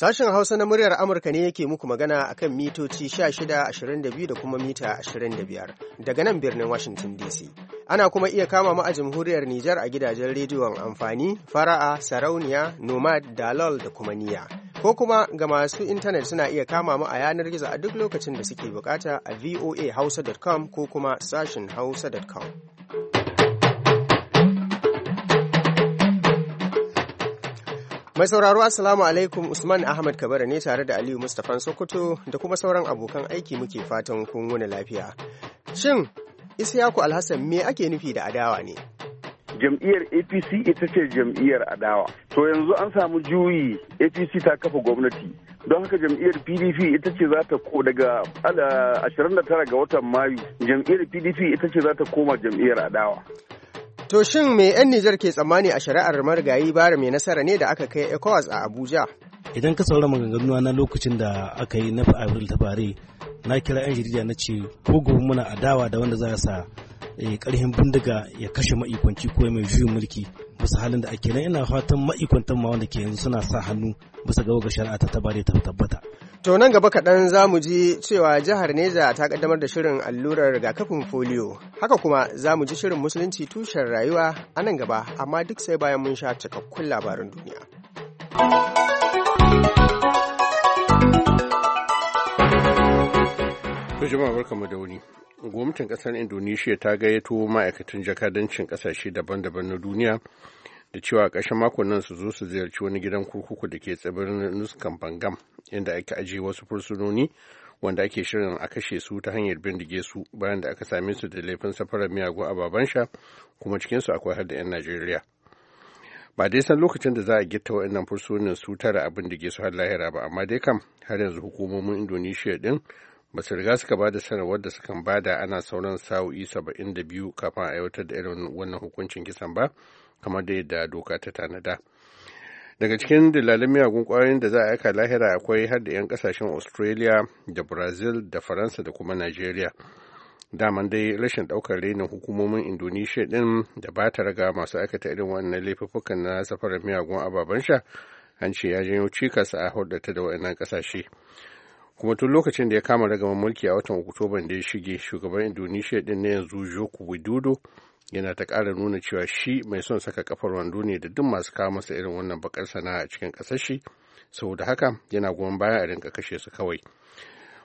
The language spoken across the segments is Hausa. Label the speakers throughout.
Speaker 1: Sashen Hausa na muryar Amurka ne yake muku magana a kan mitoci 1622 da kuma mita 25 daga nan birnin Washington DC. Ana kuma iya kama mu a jamhuriyar Nijar a gidajen rediyon amfani, fara'a, sarauniya, nomad, dalol da kuma niya. Ko kuma ga masu intanet suna iya kama mu a yanar gizo a duk lokacin da suke bukata a voahausa.com ko kuma sashen hausa.com. Mai sauraro Assalamu alaikum Usman Ahmad Kabara ne tare da Aliyu Mustafan Sokoto da kuma sauran abokan aiki muke fatan kun wuni lafiya. Shin Isiyaku Alhassan me ake nufi da adawa ne?
Speaker 2: jam'iyyar apc ita ce jam'iyyar
Speaker 1: adawa to yanzu an samu juyi
Speaker 2: apc ta kafa gwamnati don haka jam'iyyar pdp ita ce za ta ko daga 29 ga watan mayu jam'iyyar pdp ita ce za ta koma jam'iyyar adawa
Speaker 1: To shin me 'yan Nijar ke tsammani a shari'ar marigayi bara mai nasara ne da aka kai ECOWAS a Abuja?
Speaker 3: Idan ka saurara maganganuwa na lokacin da aka yi na Abril ta bare, na kira 'yan jirgin na ce ko gobe muna adawa da wanda za sa karhin eh, bindiga ya kashe ma'ikwanci ko mai juyin mulki bisa halin da ake nan ina fatan ma'ikwantan ma wanda ke yanzu suna sa hannu bisa ga shari'a ta tabare ta tabbata.
Speaker 1: To nan gaba kaɗan za mu ji cewa jihar Neja ta kaddamar da shirin allurar rigakafin foliyo. Haka kuma za mu ji shirin musulunci tushen rayuwa a nan gaba, amma duk sai bayan mun sha cikakkun labarin duniya.
Speaker 4: To jama'a barkamu da wuni. Gwamnatin ƙasar Indonesia ta gayyato ma'aikatan jakadancin ƙasashe daban-daban na duniya da cewa ƙarshen makon nan su zo su ziyarci wani gidan kurkuku da ke tsibirin nuskan bangam inda aka ajiye wasu fursunoni wanda ake shirin a kashe su ta hanyar bindige su bayan da aka same su da laifin safarar miyagun ababen sha kuma cikinsu akwai har da 'yan najeriya ba dai san lokacin da za a gitta waɗannan fursunan su tara a bindige su har lahira ba amma dai kam har yanzu hukumomin indonesia din ba su riga suka bada sanarwar da sukan bada ana sauran sa'o'i biyu kafin a aiwatar da irin wannan hukuncin kisan ba kamar da yadda doka ta tanada daga cikin dilalin miyagun kwayoyin da za a aika lahira akwai har da 'yan kasashen australia da brazil da faransa da kuma nigeria daman dai rashin daukar renin hukumomin indonesia din da ba ta raga masu aikata irin wannan laifuffukan na safarar miyagun ababen sha an ce ya janyo cikas a hulɗata da waɗannan ƙasashe kuma tun lokacin da ya kama ragaman mulki a watan oktoban da ya shige shugaban indonesia din na yanzu joko widodo yana ta ƙara nuna cewa shi mai son saka kafar wando ne da duk masu kawo masa irin wannan bakar sana'a a cikin ƙasar saboda haka yana goyon baya a rinka kashe su kawai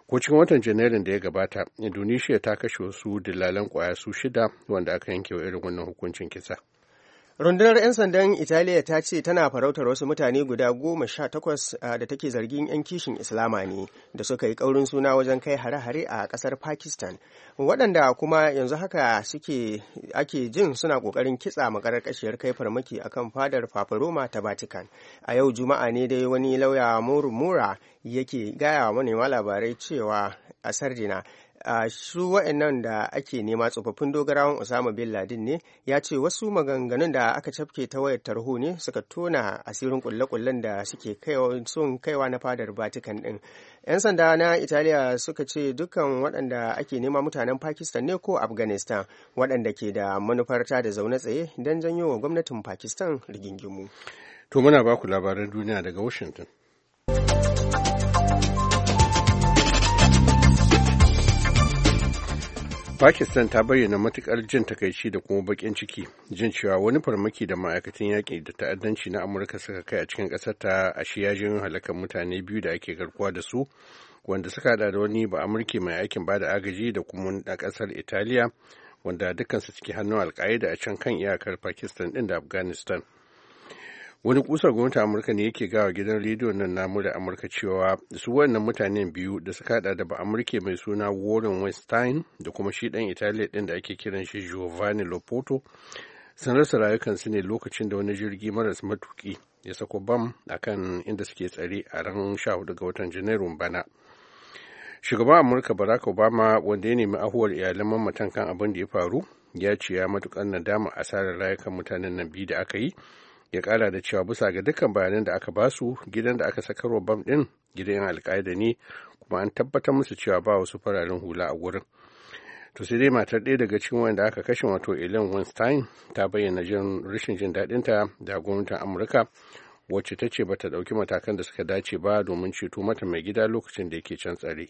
Speaker 4: ko cikin watan janairun da ya gabata indonesia ta kashe wasu dillalan kwaya su shida wanda aka yanke wa irin wannan hukuncin kisa
Speaker 1: rundunar 'yan sandan italiya ta ce tana farautar wasu mutane guda goma sha takwas da take zargin 'yan kishin islama ne da suka yi kaurin suna wajen kai hare-hare a ƙasar pakistan waɗanda kuma yanzu haka suke ake jin suna ƙoƙarin kitsa makarar kashiyar kai farmaki a kan fadar Roma ta vatican a yau juma'a ne dai wani lauya murmura yake gaya wa manema labarai cewa a sardina a su wa'annan da ake nema tsofaffin dogarawan Osama bin Laden ne ya ce wasu maganganun da aka cafke ta wayar tarho ne suka tona asirin kulle-kullen da suke sun kaiwa na fadar Vatican din. 'Yan sanda na Italiya suka ce dukkan waɗanda ake nema mutanen Pakistan ne ko Afghanistan waɗanda ke da manufarta da zaune tsaye don janyo wa gwamnatin Pakistan rigingimu. To muna baku labaran duniya daga Washington.
Speaker 4: Pakistan ta bayyana matukar jin takaici da kuma bakin ciki jin cewa wani farmaki da ma'aikatan yaƙi da ta'addanci na Amurka suka kai a cikin ƙasar ta a shi yajin halakar mutane biyu da ake garkuwa da su wanda suka hada da wani ba Amurki mai aikin ba da agaji da kuma a ƙasar Italiya wanda dukansu ciki hannun alƙa'ida a can kan iyakar Pakistan ɗin da Afghanistan. wani kusa gwamnatin amurka ne yake gawa gidan rediyo nan namu da amurka cewa su wannan mutanen biyu da suka hada da ba amurke mai suna warren weinstein da kuma shi dan italiya din da ake kiran shi giovanni lopoto sun rasa rayukansu ne lokacin da wani jirgi maras matuki ya sako bam a kan inda suke tsare a ran 14 ga watan janairun bana shugaban amurka barack obama wanda ya nemi ahuwar iyalan mamatan kan abin da ya faru ya ce ya matukan nadama asarar rayukan mutanen nan biyu da aka yi ya kara da cewa bisa ga dukkan bayanan da aka basu gidan da aka sakarwa bam din gidan alkaida ne kuma an tabbatar musu cewa ba wasu fararen hula a gurin to sai dai matar ɗaya daga cikin wanda aka kashe wato ellen weinstein ta bayyana jin rashin jin ta da gwamnatin amurka wacce ta ce bata ɗauki matakan da suka dace ba domin ceto mata mai gida lokacin da yake can tsare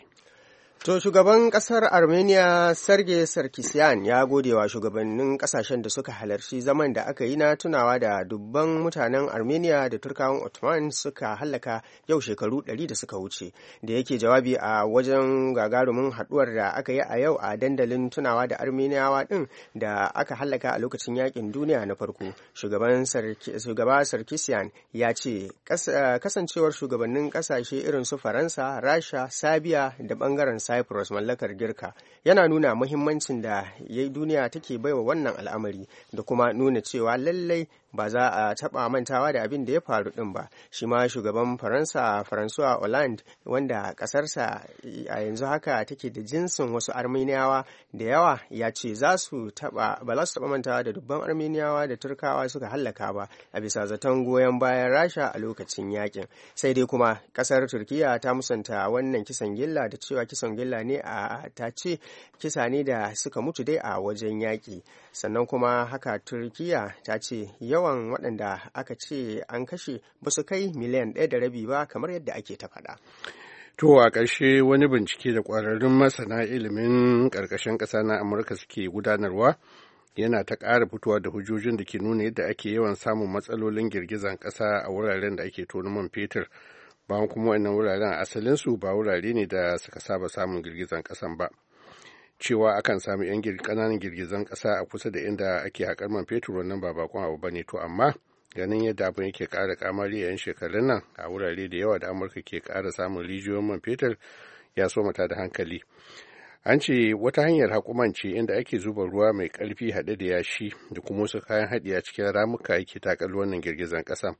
Speaker 1: To shugaban kasar Armenia Sergei Sarkisian ya gode wa shugabannin kasashen da suka halarci zaman da aka yi na tunawa da dubban mutanen Armenia da Turkawan Ottoman suka hallaka yau shekaru 100 da suka wuce da yake jawabi a wajen gagarumin haduwar da aka yi a yau a dandalin tunawa da Armeniyawa din da aka hallaka a lokacin yakin duniya na farko. Shugaban shugaba Sarkisian ya ce kasancewar shugabannin kasashe irin su Faransa, Rasha, Sabiya da bangaren cyprus mallakar girka yana nuna muhimmancin da duniya take baiwa wannan al'amari da kuma nuna cewa lallai ba za a taɓa mantawa da abin da ya faru ɗin ba shi ma shugaban faransa faransuwa hollande wanda ƙasarsa a yanzu haka take da jinsin wasu armeniyawa da yawa ya ce za su taba ba za su taɓa mantawa da dubban armeniyawa da turkawa suka hallaka ba a bisa zaton goyon bayan rasha a lokacin yakin sai dai kuma ƙasar turkiya ta musanta wannan kisan gilla da cewa kisan gilla ne a ta ce kisa ne da suka mutu dai a wajen yaƙi sannan kuma haka turkiya ta ce yawan waɗanda aka ce an kashe ba su kai miliyan ɗaya da rabi ba kamar yadda ake ta faɗa
Speaker 4: To a ƙarshe wani bincike da ƙwararrun masana ilimin ƙarƙashin ƙasa na Amurka suke gudanarwa yana ta ƙara fitowa da hujjojin da ke nuna yadda ake yawan samun matsalolin girgizan ƙasa a wuraren da ake tono man fetur. Bayan kuma wannan wuraren asalinsu ba wurare ne da suka saba samun girgizan ƙasan ba. cewa akan samu 'yan ƙananan girgizan ƙasa a kusa da inda ake haƙar man fetur wannan ba bakon abu ba ne to amma ganin yadda abin yake ƙara kamari a 'yan shekarun nan a wurare da yawa da amurka ke ƙara samun rijiyoyin man fetur ya so mata da hankali an ce wata hanyar haƙumance inda ake zuba ruwa mai ƙarfi haɗe da yashi da kuma wasu kayan haɗiya cikin ramuka yake takal wannan girgizan ƙasa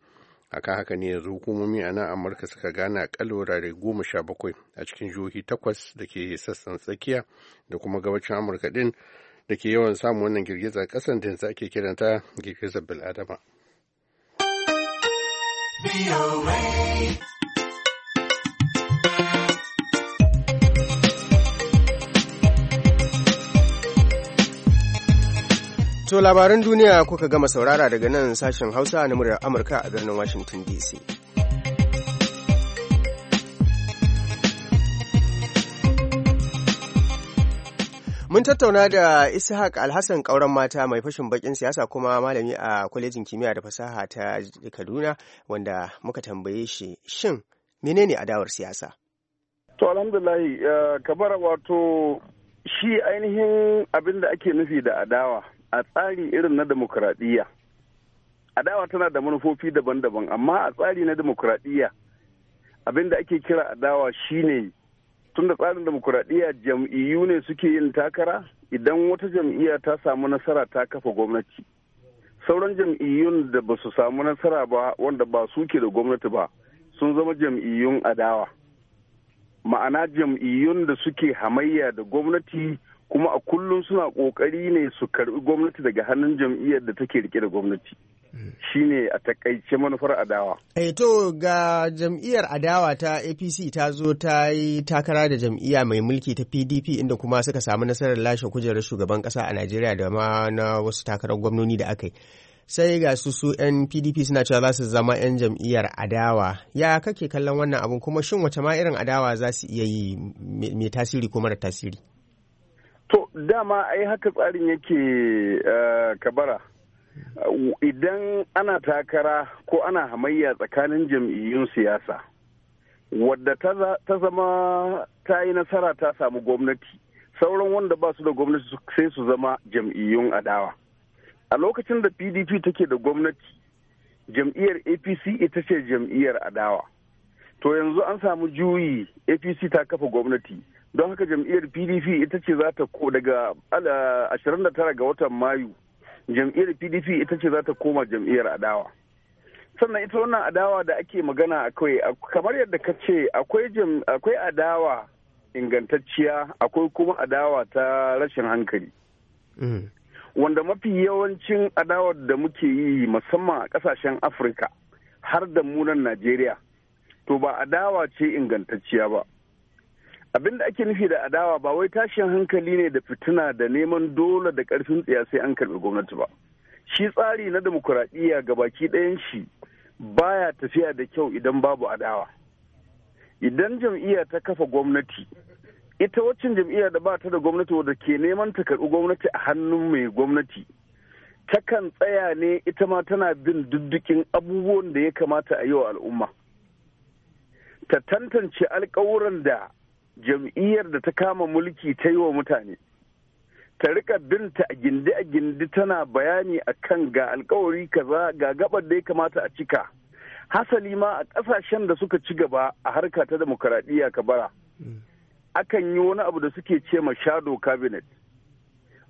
Speaker 4: haka haka ne yanzu hukumomi a nan amurka suka gane akalla wurare goma sha bakwai a cikin jihohi takwas da ke sassan tsakiya da kuma gabacin amurka din da ke yawan samun wannan girgizar kasan da yanzu ake kiranta girgizar bil'adama.
Speaker 1: To labaran duniya kuka gama saurara daga nan sashen Hausa na muryar Amurka a birnin Washington DC. Mun tattauna da Ishaq Alhassan kauran mata mai fashin bakin siyasa kuma malami a kwalejin kimiyya da fasaha ta Kaduna wanda muka tambaye shi shin menene adawar siyasa?
Speaker 2: To alhamdulillah eh, kamar wato shi ainihin abin da ake nufi da adawa. a tsari irin na demokuraɗiyya adawa tana da manufofi daban-daban amma a tsari na demokuraɗiyya abinda ake kira adawa shine tun da tsarin demokuraɗiyya jam'iyyu ne suke yin takara idan wata jam'iyya ta samu nasara ta kafa gwamnati sauran jam'iyyun da ba su samu nasara ba wanda ba su ke da gwamnati ba sun zama jam'iyyun adawa ma'ana jam'iyyun da suke hamayya da gwamnati kuma a kullum suna kokari ne su karbi gwamnati daga hannun jam'iyyar da take rike da gwamnati hmm. shine a takaice manufar adawa
Speaker 1: eh to ga jam'iyyar adawa ta apc ta zo ta yi takara da jam'iyya mai mulki ta pdp inda kuma suka samu nasarar lashe kujerar shugaban kasa a najeriya da ma na wasu takarar gwamnoni da aka yi sai ga su su 'yan pdp suna cewa za su zama 'yan jam'iyyar adawa ya kake kallon wannan abun kuma shin wace ma irin adawa za su iya yi mai tasiri ko mara tasiri
Speaker 2: To dama ai haka tsarin yake eh, kabara. Idan ana takara ko ana hamayya tsakanin jam'iyyun siyasa, wadda ta zama ta yi nasara ta samu gwamnati, sauran wanda ba su da gwamnati sai su zama jam'iyyun adawa. A lokacin da PDP take da gwamnati, jam'iyyar APC ita ce jam'iyyar adawa. To yanzu an samu juyi APC ta kafa gwamnati. don haka jam'iyyar pdp ita ce za ta ko daga 29 ga watan mayu jam'iyyar pdp ita ce za ta koma jam'iyyar adawa sannan ita wannan adawa da ake magana akwai kamar yadda ka ce akwai adawa ingantacciya akwai kuma adawa ta rashin hankali mm. wanda mafi yawancin adawar da muke yi musamman a kasashen afirka har da munan najeriya to ba adawa ce ingantacciya ba abinda ake nufi da adawa ba wai tashin hankali ne da fituna da neman dole da karfin tsiya sai an karbi gwamnati ba shi tsari na ga baki ɗayan shi baya tafiya da kyau idan babu adawa idan jam'iyya ta kafa gwamnati ita waccan jam'iyya da ba ta da gwamnati wadda ke neman ta karbi gwamnati a hannun mai gwamnati takan tsaya ne ita ma tana bin diddikin abubuwan da ya kamata a yi wa al'umma ta tantance alkawuran da jam'iyyar da ta kama mulki ta yi wa mutane ta rika binta a gindi a gindi tana bayani a kan ga alkawari kaza ga gabar da ya kamata a cika hasali ma a ƙasashen da suka ci gaba a harka ta demokaradiyya bara akan yi wani abu da suke ce ma shadow cabinet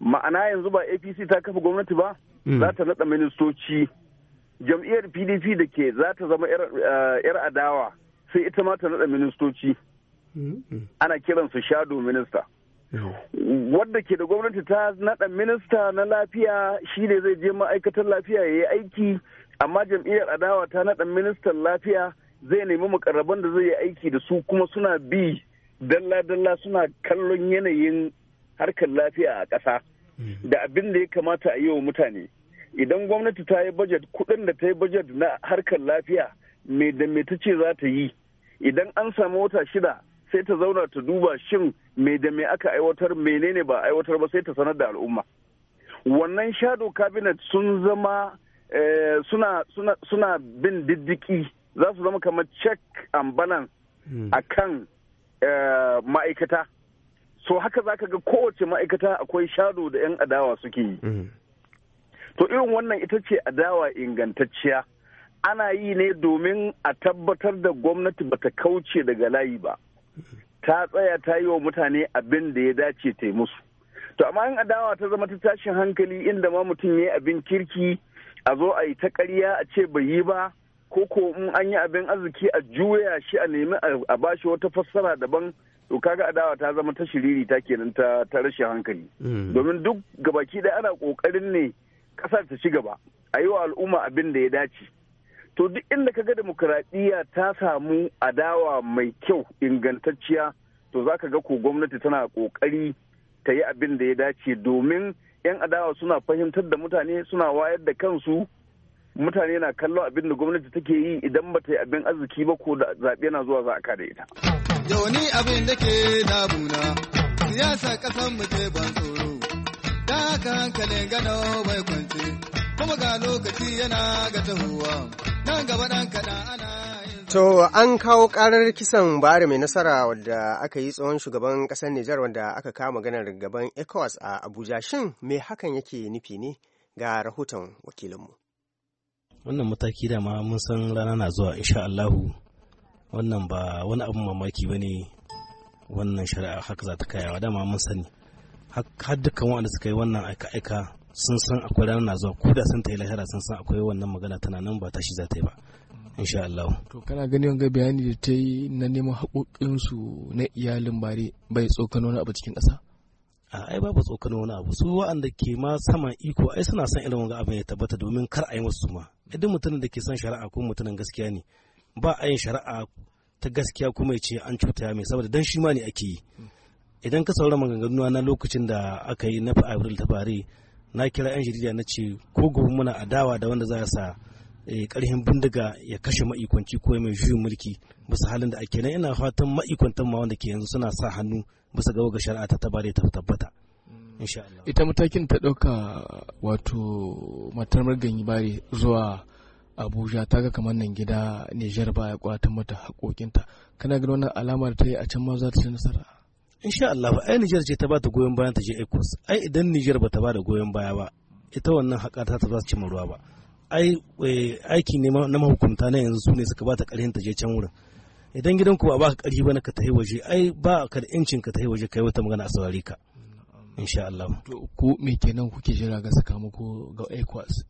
Speaker 2: ma'ana yanzu ba apc ta kafa gwamnati ba mm. za ta naɗa ministoci jam'iyyar pdp da ke za ta zama 'yar eh, adawa sai ita ma ta naɗa ministoci ana kiransu shadow minista wadda ke da gwamnati ta naɗa minista na lafiya shi ne zai je ma'aikatar lafiya ya yi aiki amma jam'iyyar adawa ta nada ministan lafiya zai nemi mukarraban da zai yi aiki da su kuma suna bi dalla-dalla suna kallon yanayin harkar lafiya a ƙasa mm-hmm. da abin da ya kamata a yi wa mutane idan gwamnati ta yi bajet kuɗin da ta yi bajet na harkar lafiya me da me ta ce za ta yi idan an samu wata shida sai ta zauna ta duba shin me da me aka aiwatar menene ba aiwatar ba sai ta sanar da al'umma wannan shadow cabinet sun zama eh, suna bin diddiki za su zama kamar check and balance hmm. a kan eh, ma'aikata so haka za ka ga kowace ma'aikata akwai shadow da 'yan adawa suke yi hmm. to irin wannan ita ce adawa ingantacciya ana yi ne domin a tabbatar da gwamnati bata kauce daga layi ba ta tsaya ta yi wa mutane abin da ya dace ta yi musu to amma in adawa ta zama ta tashin hankali inda ma mutum ya yi abin kirki a zo a yi ta karya a ce bai yi ba ko ko in an yi abin arziki a juya shi a nemi a bashi wata fassara daban to kaga adawa ta zama ta shiriri ta kenan ta ta rashin hankali mm. domin duk gabaki ɗaya ana ƙoƙarin ne ƙasar ta ci gaba a yi wa al'umma abin da ya dace to duk inda kaga demokuraɗiyya ta samu adawa mai kyau ingantacciya to za ka ga ko gwamnati tana ƙoƙari ta yi abin da ya dace domin 'yan adawa suna fahimtar da mutane suna wayar da kansu mutane na kallon abin da gwamnati take yi idan ba ta yi abin arziki ba ko da zaɓe na zuwa za a kada ita.
Speaker 5: Yawani abin da ke damuna siyasa ƙasar mu ce ban tsoro, da haka hankalin gano bai kwance. kuma ga lokaci yana ga nan gaba dan ana
Speaker 1: To an kawo karar kisan bari mai nasara wadda aka yi tsohon shugaban kasar Nijar wadda aka kama maganar gaban ECOWAS a Abuja shin me hakan yake nufi ne ga rahoton wakilinmu.
Speaker 3: Wannan mataki da ma mun san rana na zuwa insha Allahu wannan ba wani abin mamaki ba ne wannan shari'a haka za ta kayawa dama mun sani har dukkan waɗanda suka yi wannan aika-aika sun san akwai ranar zuwa ko da sun ta yi lahira sun san akwai wannan magana tana nan ba shi za ta yi ba insha Allah to kana gani wanga bayani da ta yi na neman su na iyalin bare bai tsokano wani abu cikin ƙasa a ai babu tsokano wani abu su wa'anda ke ma sama iko ai suna son irin wanga abin ya tabbata domin kar a yi musu ma idan mutumin da ke son shari'a ko mutumin gaskiya ne ba a yin shari'a ta gaskiya kuma ya ce an cuta mai saboda dan shi ma ne ake yi hmm. idan ka saurara maganganuwa na lokacin da aka yi na fa'a ta bare na kira 'yan jarida na ce ko gobe muna adawa da wanda za a sa eh, karhin bindiga ya kashe ma'ikwanci ko mai juyin mulki bisa halin da ake nan ina fatan ma'ikwantan ma wanda ke yanzu suna sa hannu bisa ga ga shari'a ta tabare ta tabbata mm. ita matakin ta dauka wato matar ganyi bare zuwa abuja ta ga kamar nan gida nijar ba ya kwatan mata hakokinta kana ganin wannan alamar ta yi a can ma za ta ci nasara sha Allah ai Niger ce ta ba ta goyon bayan ta je Ecos. ai idan Niger ba ta ba da goyon baya ba ita wannan haƙa ta ta ba su ruwa ba ai eh, aiki ne na mahukunta na yanzu sune suka ba ta ƙarfin ta je can wurin idan gidan ku ba ba ka ba na ka tahi waje ai ba ka da incin ka tahi waje kai wata magana a saurare ka sha Allah ku me kenan kuke jira ga sakamako ga Ecos?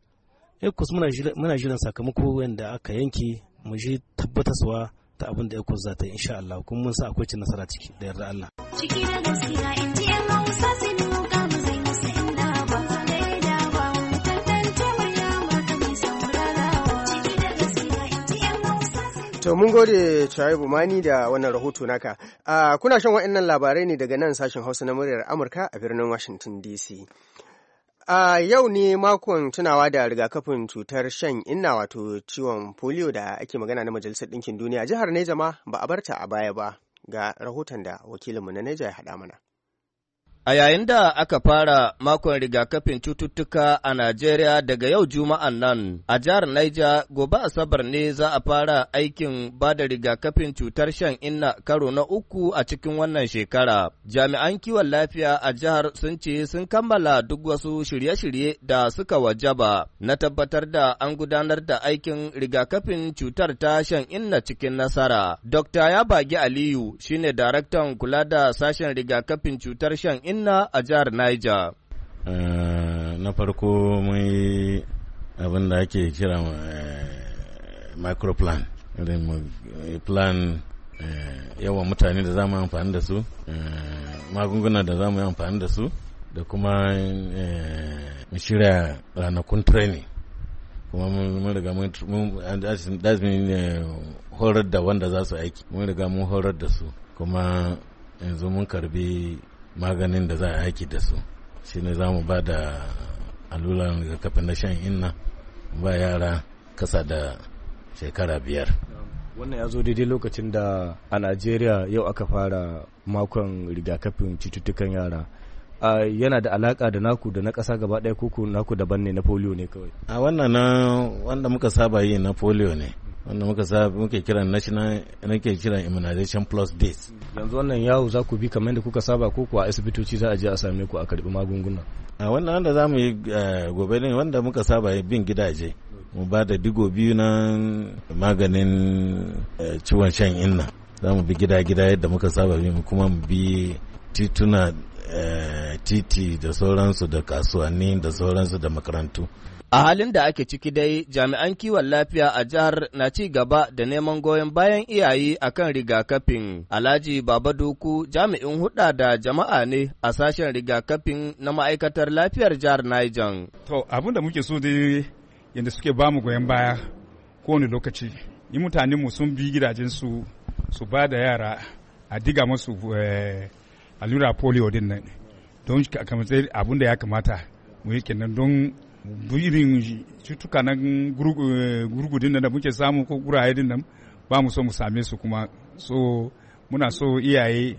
Speaker 3: Ecos muna jiran sakamako wanda aka yanke mu je tabbatarwa ta abin da ya za ta yi insha Allah kuma mun sa akwai cin nasara ciki da yarda Allah
Speaker 6: ciki da gaskiya in ji yan Hausa sun muka mu zai isa inda ba gaida ba mu tantance mu ya maka mai saurarawa ciki da gaskiya in ji yan Hausa
Speaker 1: to mun gode Shaibu Mani da wannan rahoto naka ah, kuna shan waɗannan labarai ne daga nan sashin Hausa na muryar Amurka a birnin Washington DC A yau ne makon tunawa da rigakafin cutar shan inna wato ciwon polio da ake magana na Majalisar Ɗinkin Duniya jihar Neja ma ba a barta a baya ba ga rahoton da wakilinmu na Neja ya haɗa mana.
Speaker 5: A yayin da aka fara makon rigakafin cututtuka a Najeriya daga yau Juma'an nan, a jihar Niger gobe Asabar ne za a fara aikin ba da rigakafin cutar shan inna karo na uku a cikin wannan shekara. Jami'an kiwon lafiya a jihar sun ce sun kammala duk wasu shirye-shirye da suka wajaba na tabbatar da an gudanar da aikin rigakafin cutar ta shan inna cikin nasara. Dokta Yabagi Aliyu shine daraktan kula da sashen rigakafin cutar shan inna inna a jihar Niger.
Speaker 7: Eh, na farko mun yi abin da ake kira eh, microplan. plan eh, yawan mutane da za mu amfani da su magunguna da za mu amfani da su da kuma shirya ranakun training kuma mun riga mun horar da wanda za su aiki mun riga mun horar da su kuma yanzu mun karbi maganin da za a yaki da su shi ne za mu ba da alluran rigakafin na shan inna ba yara kasa da shekara biyar
Speaker 5: wannan ya zo daidai lokacin da a najeriya yau aka fara makon rigakafin cututtukan yara yana da alaka da naku da na ƙasa gaba ɗaya kuku naku daban ne na polio ne kawai a wannan
Speaker 7: wanda muka saba yi na polio ne wanda muka sa muke kira national nake kira immunization plus days yanzu wannan yawo za ku bi kamar da kuka saba ko kuwa asibitoci za a je a same ku a karbi magunguna a wannan wanda za mu yi eh, gobe ne wanda muka saba bin gidaje mu ba da digo biyu na maganin eh, ciwon shan inna za mu bi gida-gida yadda muka saba bi kuma mu bi tituna eh, titi da sauransu da kasuwanni da sauransu da makarantu
Speaker 5: A halin da ake ciki dai, jami'an kiwon lafiya a jihar na ci gaba da neman goyon bayan iyaye a kan rigakafin. Alhaji baba duku jami'in huɗa da jama'a ne a sashen rigakafin na ma'aikatar lafiyar jihar Niger.
Speaker 8: To, abin da muke so dai yadda suke ba mu goyon baya kowane lokaci. Yi mu sun bi gidajensu su ba da yara a diga masu eh, allura polio din nan. Don abin da ya kamata mu yi kenan don irin cutuka na eh, gurgu din da muke samu ko guraye din nan ba mu so mu same su kuma so muna so iyaye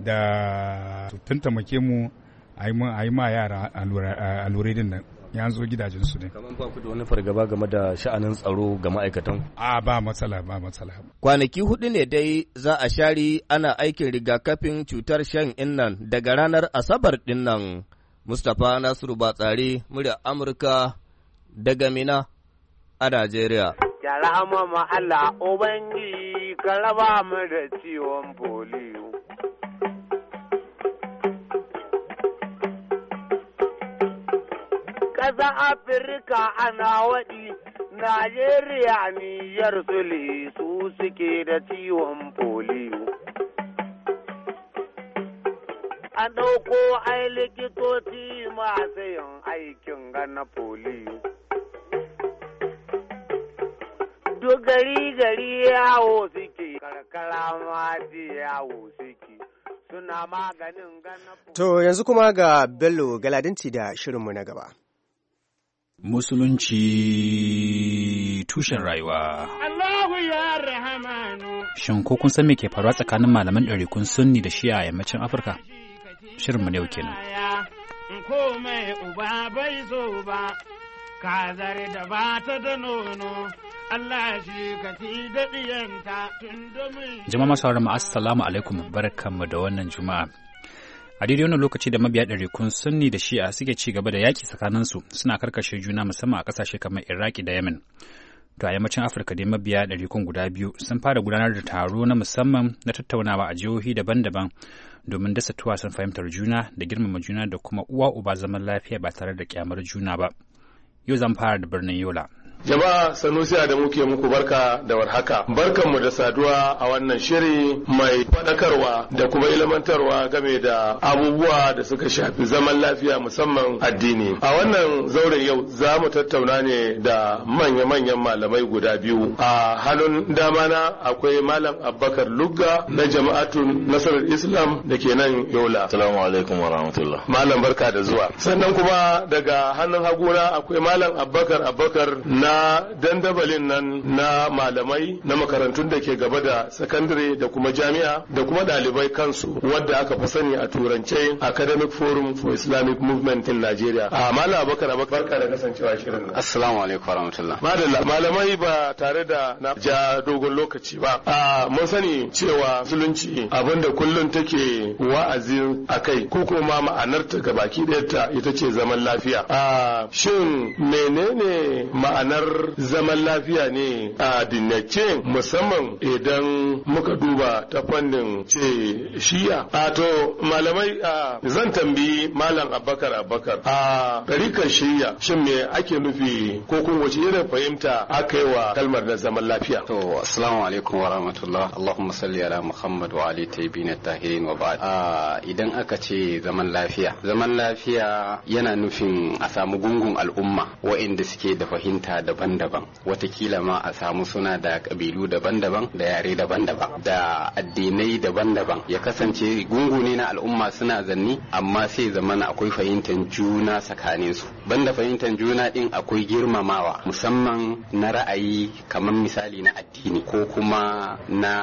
Speaker 8: da tuntamake mu a yi ma yara eh, allurai din nan ya zo su ne. Kamar ba ku da wani
Speaker 5: fargaba game da sha'anin tsaro ga ma'aikatan?
Speaker 8: A ah, ba matsala ba matsala. Kwanaki hudu ne
Speaker 5: dai za a share ana aikin rigakafin cutar shan innan daga ranar Asabar dinnan Mustapha Nasiru Batsari, murya Amurka daga Mina a Najeriya.
Speaker 1: Yara mama Allah Ubangiji ka raba
Speaker 9: mu da ciwon polio.
Speaker 2: ƙasa Afirka ana waɗi, Najeriya niyyar su su suke da ciwon foliyo a ɗauko ai likitoci masu yin aikin gana polio. Duk gari gari yawo suke, karkara ma yawo suke. Suna maganin gana
Speaker 1: To yanzu kuma ga Bello Galadinci da shirinmu na gaba.
Speaker 10: Musulunci tushen rayuwa.
Speaker 3: Allahu ya rahamanu.
Speaker 10: Shin ko kun san me ke faruwa tsakanin malaman ɗarikun sunni da shi'a a yammacin Afirka? shirinmu ne kenan. Komai uba bai
Speaker 3: zo ba, kazar da ba da nono, Allah shi ka fi daɗiyanta
Speaker 10: Jama'a masu haramu, Assalamu alaikum, barkanmu da wannan juma'a. a daidai wani lokaci da mabiya ɗari kun sunni da shi'a suke ci gaba da yaƙi tsakaninsu suna karkashe juna musamman a ƙasashe kamar iraki da yemen to a yammacin afirka dai mabiya ɗari kun guda biyu sun fara gudanar da taro na musamman na tattaunawa a jihohi daban-daban domin dasa tuwasan fahimtar juna da girmama juna da kuma uwa uba zaman lafiya ba tare da kyamar juna ba. Yau zan fara da birnin Yola.
Speaker 9: Jama'a Sanusi da muke muku barka da warhaka. Barkanmu da saduwa a wannan shiri mai faɗakarwa da kuma ilmantarwa game da abubuwa da suka shafi zaman lafiya musamman addini. A wannan zauren yau za mu tattauna ne da manya-manyan malamai guda biyu. A hannun dama na akwai Malam Abubakar Lugga na jama'atun Nasarar Islam
Speaker 11: da ke nan Yola. salamu alaikum wa rahmatullah. Malam barka da zuwa. Sannan kuma
Speaker 9: daga hannun haguna akwai Malam Abubakar Abubakar na dandabalin nan na malamai na makarantun da ke gaba da sakandare da kuma jami'a da kuma dalibai kansu wadda aka fi sani a turance academic forum
Speaker 12: for islamic movement in nigeria a
Speaker 9: malam abakar abakar barka da kasancewa shirin
Speaker 12: assalamu alaikum warahmatullah madalla malamai
Speaker 9: ba tare da na ja dogon lokaci ba a mun sani cewa musulunci abinda kullum take wa'azi kai ko kuma ma'anarta gabaki ɗayarta ita ce zaman lafiya a shin menene ma'anar kamar zaman lafiya ne a dinnace musamman idan muka duba ta fannin ce shiya a to malamai a zan tambayi malam abakar abakar a ɗarikar shiya shin me ake nufi ko kun wace irin fahimta aka yi wa kalmar na zaman lafiya to
Speaker 12: assalamu alaikum wa rahmatullah allahumma salli ala muhammad wa ali tayyibin tahirin wa ba'd idan aka ce zaman lafiya zaman lafiya yana nufin a samu gungun al'umma wa'inda suke da fahimta da daban-daban watakila ma a samu suna da kabilu daban-daban da yare daban-daban da addinai daban-daban ya kasance gungu ne na al'umma suna zanni amma sai zamana akwai fahimtar juna tsakanin su banda fahimtar juna din akwai girmamawa musamman na ra'ayi kamar misali na addini ko kuma na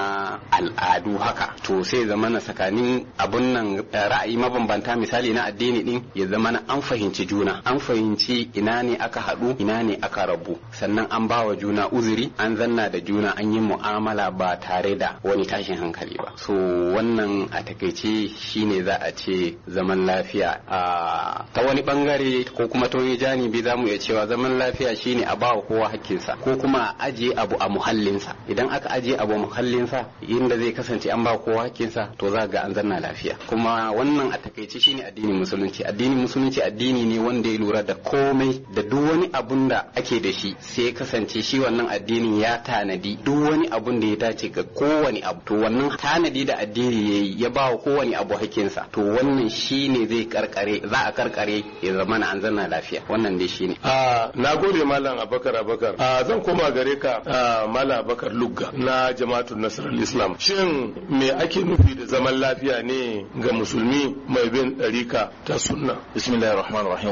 Speaker 12: al'adu haka to sai zamana tsakanin abun nan ra'ayi mabambanta misali na addini din ya zamana an fahimci juna an fahimci ina ne aka haɗu ina ne aka rabu sannan an ba wa juna uzuri an zanna da juna an yi mu'amala ba tare da wani tashin hankali ba so wannan a takaice shine za a ce zaman lafiya a ta wani bangare ko kuma ta wani janibi za mu iya cewa zaman lafiya shine a ba wa kowa hakkinsa ko kuma a ajiye abu a muhallinsa idan aka ajiye abu a muhallinsa inda zai kasance an ba kowa hakkinsa to za ga an zanna lafiya kuma wannan a takaice shine addinin musulunci addinin musulunci addini ne wanda ya lura da komai da duk wani abun da ake da shi shi sai ya kasance shi wannan addinin ya tanadi duk wani abun da ya dace ga kowane abu to wannan tanadi da addini ya yi ya ba wa kowane abu hakinsa to wannan shi ne zai karkare za a karkare ya zama na an zanna lafiya wannan dai shi ne. na gode malam abakar
Speaker 9: abakar zan koma gare ka malam abakar lugga na jama'atul nasarar islam shin me ake nufi da zaman lafiya ne ga musulmi mai bin ɗarika ta
Speaker 11: sunna bismillahir rahmanir rahim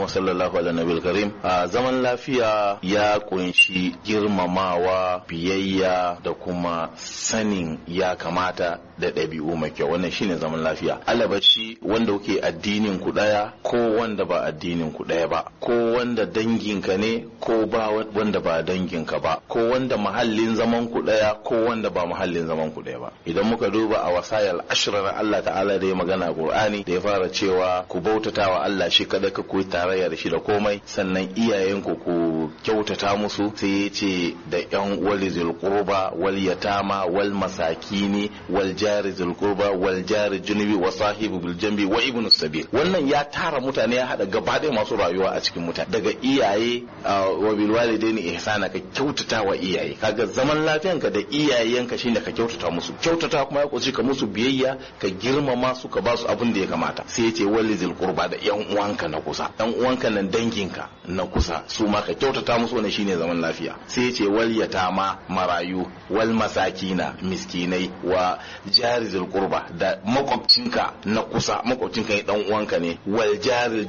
Speaker 11: ala nabiyil karim zaman lafiya ya kunshi girmamawa biyayya da kuma sanin ya kamata da ɗabi'u mai kyau wannan shine zaman lafiya alabashi wanda kuke addinin ku ɗaya ko wanda ba addinin ku ɗaya ba ko wanda danginka ne ko ba wanda ba danginka ba ko wanda mahallin zaman ku ɗaya ko wanda ba mahallin zaman ku ɗaya ba idan muka duba a wasayar ashirar Allah ta'ala da ya magana Qur'ani da ya fara cewa ku bautata wa Allah shi kada ka koyi tarayya da shi da komai sannan iyayenku ku kyautata haramta musu sai ya ce da yan wali zulqurba wal yatama wal masakini wal jari zulqurba wal jari junubi wa sahibu bil wa ibnu sabil wannan ya tara mutane ya hada gaba masu rayuwa a cikin mutane daga iyaye wa bil walidaini ihsana ka kyautata wa iyaye kaga zaman lafiyanka da iyayenka shine ka kyautata musu kyautata kuma ya kusi ka musu biyayya ka girmama su ka ba su abin da ya kamata sai ya ce wali zulqurba da yan uwanka na kusa yan uwanka nan danginka na kusa su ma ka kyautata musu wannan shine zaman lafiya sai ce wal yatama marayu wal masakina miskinai wa jarizul qurba da makwabcinka na kusa makwabcinka ne dan uwanka ne wal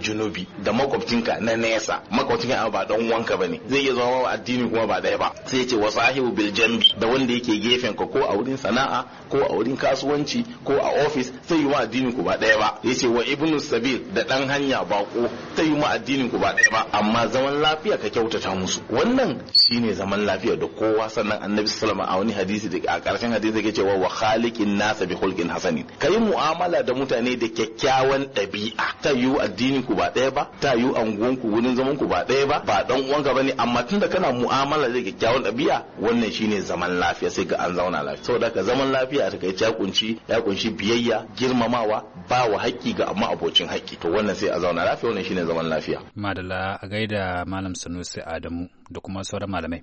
Speaker 11: junubi da makwabcinka na nesa makwabcinka ba dan uwanka bane zai iya zama addini kuma ba daya ba sai ce wa sahibu bil jambi da wanda yake gefen ka ko a wurin sana'a ko a wurin kasuwanci ko a ofis sai yi wa addinin ku ba daya ba ce wa ibnu sabil da dan hanya bako sai yi wa addinin ku ba daya ba amma zaman lafiya ka kyautata musu wannan shi ne zaman lafiya da kowa sannan annabi sallama a wani hadisi da a karshen hadisi yake cewa wa khaliqin nasa bi khulqin hasanin kai mu'amala da mutane da kyakkyawan ɗabi'a ta yiwu addinin ku ba ɗaya ba ta yiwu anguwan ku wurin zaman ku ba ɗaya ba ba dan uwan uwanka bane amma tunda kana mu'amala da kyakkyawan ɗabi'a wannan shine zaman lafiya sai ga an zauna lafiya saboda ka zaman lafiya a kai ya kunshi ya kunshi biyayya girmamawa ba wa haƙƙi ga amma abocin haƙƙi to wannan sai a
Speaker 10: zauna lafiya wannan shine zaman lafiya madalla a gaida malam sanusi adamu da kuma sauran malamai.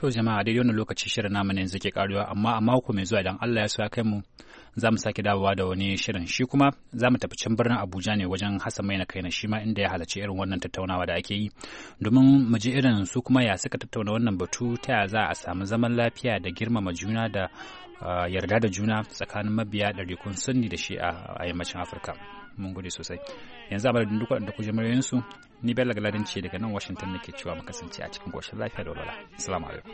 Speaker 10: To jama'a daidai wani lokaci shirin namu ne yanzu ke karuwa amma a mako mai zuwa idan Allah ya so ya kai mu za mu sake dawowa da wani shirin shi kuma za mu tafi can birnin Abuja ne wajen Hassan kai na shi ma inda ya halarci irin wannan tattaunawa da ake yi domin mu ji irin su kuma ya suka tattauna wannan batu ta ya za a samu zaman lafiya da girmama juna da ah, yarda da juna tsakanin mabiya da rikon sunni da shi a yammacin Afirka. mun gode sosai yanzu a madadin duk waɗanda ku ji su ni bella galadin ce daga nan washington nake cewa mu a cikin ƙoshin lafiya da walwala assalamu alaikum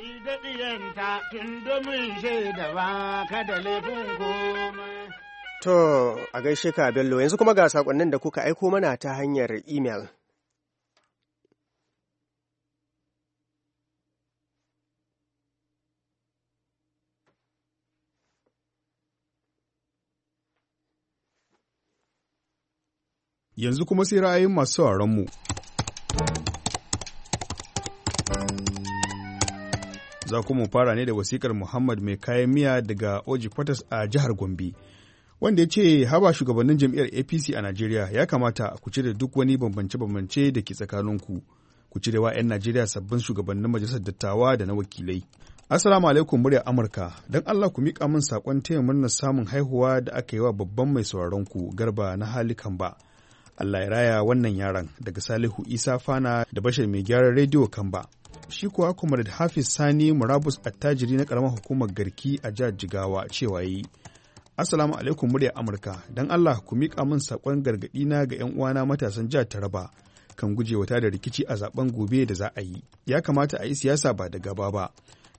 Speaker 1: to a gaishe ka bello yanzu kuma ga sakonnin da kuka aiko mana ta hanyar email
Speaker 8: Yanzu kuma sai ra'ayin masu mu. Za mu fara ne da wasikar Muhammad mai kayan miya daga Oji Kwatas a jihar Gombe. Wanda ya ce haba shugabannin jam'iyyar APC a Najeriya ya kamata ku cire duk wani bambance-bambance da ke tsakaninku. Ku cire wa 'yan Najeriya sabbin shugabannin majalisar dattawa da na wakilai. Assalamu alaikum muryar Amurka, don Allah ku miƙa min saƙon taya murnar samun haihuwa da aka yi wa babban mai sauraron ku garba na halikan ba. Allah ya raya wannan yaran daga Salihu Isa Fana da Bashir mai gyaran rediyo Kamba. Shi kuwa Comrade Hafiz Sani Murabus attajiri na karamar hukumar Garki a jihar Jigawa cewa yi. Assalamu alaikum muryar Amurka, don Allah ku miƙa min saƙon gargaɗi na ga 'yan uwana matasan jihar Taraba kan gujewa da rikici a zaben gobe da za a yi. Ya kamata a yi siyasa ba da gaba ba.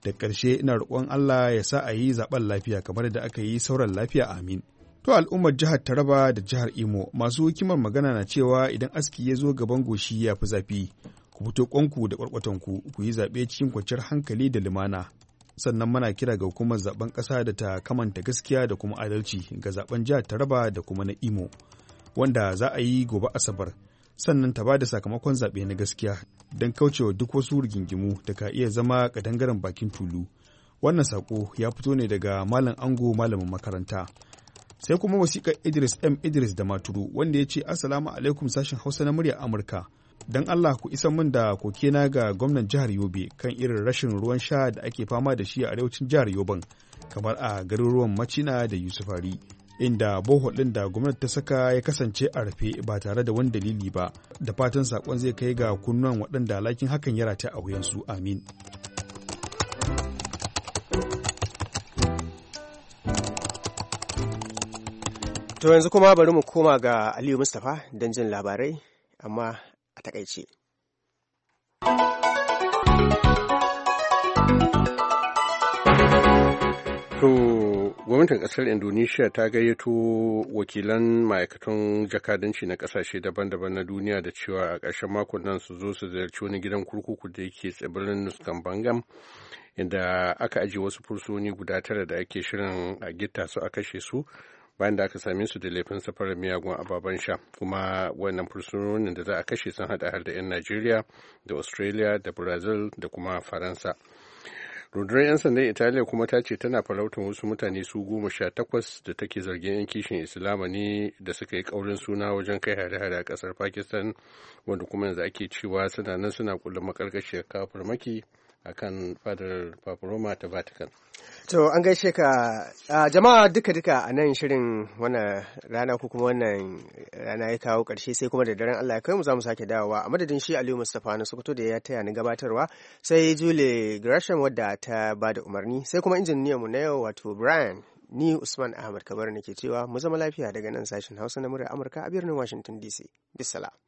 Speaker 8: Da ƙarshe ina roƙon Allah ya sa a yi zaben lafiya kamar da aka yi sauran lafiya amin. To al'ummar jihar Taraba da jihar Imo masu hikimar magana na cewa idan aski ya zo gaban goshi ya fi zafi, ku fito kwanku da kwarkwatanku ku yi zaɓe cikin kwanciyar hankali da limana Sannan mana kira ga hukumar zaben ƙasa da ta kamanta gaskiya da kuma adalci ga zaben jihar Taraba da kuma na Imo, wanda za a yi gobe Asabar. Sannan ta ba da sakamakon zaɓe na gaskiya don kaucewa duk wasu rigingimu da ka iya zama ƙadangaren bakin tulu. Wannan sako ya fito ne daga Malam Ango Malamin Makaranta. sai kuma wasiƙar idris m idris da maturu wanda ya ce assalamu alaikum sashen hausa na murya amurka don allah ku isa min da kokena ga gwamnan jihar yobe kan irin rashin ruwan sha da ake fama da shi a arewacin jihar yoban kamar a ruwan macina da yusufari inda bohol ɗin da gwamnati ta saka ya kasance a rufe ba tare da wani dalili ba da fatan saƙon zai kai ga kunnuwan waɗanda lakin hakan ya rata a wuyansu amin
Speaker 1: To yanzu kuma bari mu koma ga Aliyu Mustapha don jin labarai amma a takaice.
Speaker 4: To gwamnatin kasar Indonesia ta gayyato wakilan ma'aikatan jakadanci na kasashe daban-daban na duniya da cewa a ƙarshen makon nan su zo su ziyarci wani gidan kurkuku da yake tsibirin Nuskan Bangam inda aka ajiye wasu fursoni guda tara da ake shirin a gita su a kashe su bayan da aka same su da laifin safarar miyagun ababen sha kuma wannan fursunonin da za a kashe sun hada har da 'yan najeriya da australia da brazil da kuma faransa rundunar 'yan sandan italiya kuma ta ce tana farautar wasu mutane su goma sha takwas da take zargin 'yan kishin islama ne da suka yi kaurin suna wajen kai hare-hare a kasar pakistan wanda kuma yanzu ake cewa suna nan suna kullum makarkashiyar kafar maki a kan fadar roma ta Vatican.
Speaker 1: To an gaishe ka ah, jama'a duka-duka a nan shirin wannan rana ko kuma wannan rana ya kawo ƙarshe sai kuma da daren Allah ya kai mu za mu sake dawowa a madadin shi Aliyu Mustapha na Sokoto da ya taya ni gabatarwa sai Julie Gresham wadda ta ba da umarni sai kuma injiniyan mu na yau wato Brian ni Usman Ahmad Kabar ke cewa mu zama lafiya daga nan sashen Hausa na murya Amurka a birnin Washington DC. Bisalam.